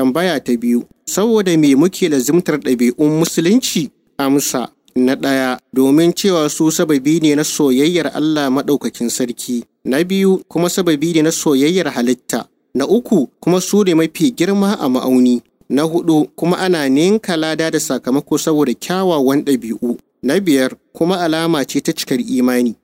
Tambaya ta biyu, saboda me muke lazimtar ɗabi'un musulunci? Amsa, na ɗaya, domin cewa su sababi ne na soyayyar Allah maɗaukakin sarki. Na biyu, kuma sababi ne na soyayyar halitta. Na uku, kuma su ne mafi girma a ma'auni. Na hudu, kuma ana ninka lada da sakamako saboda kyawawan ɗabi'u. Na biyar, kuma alama ce ta cikar imani.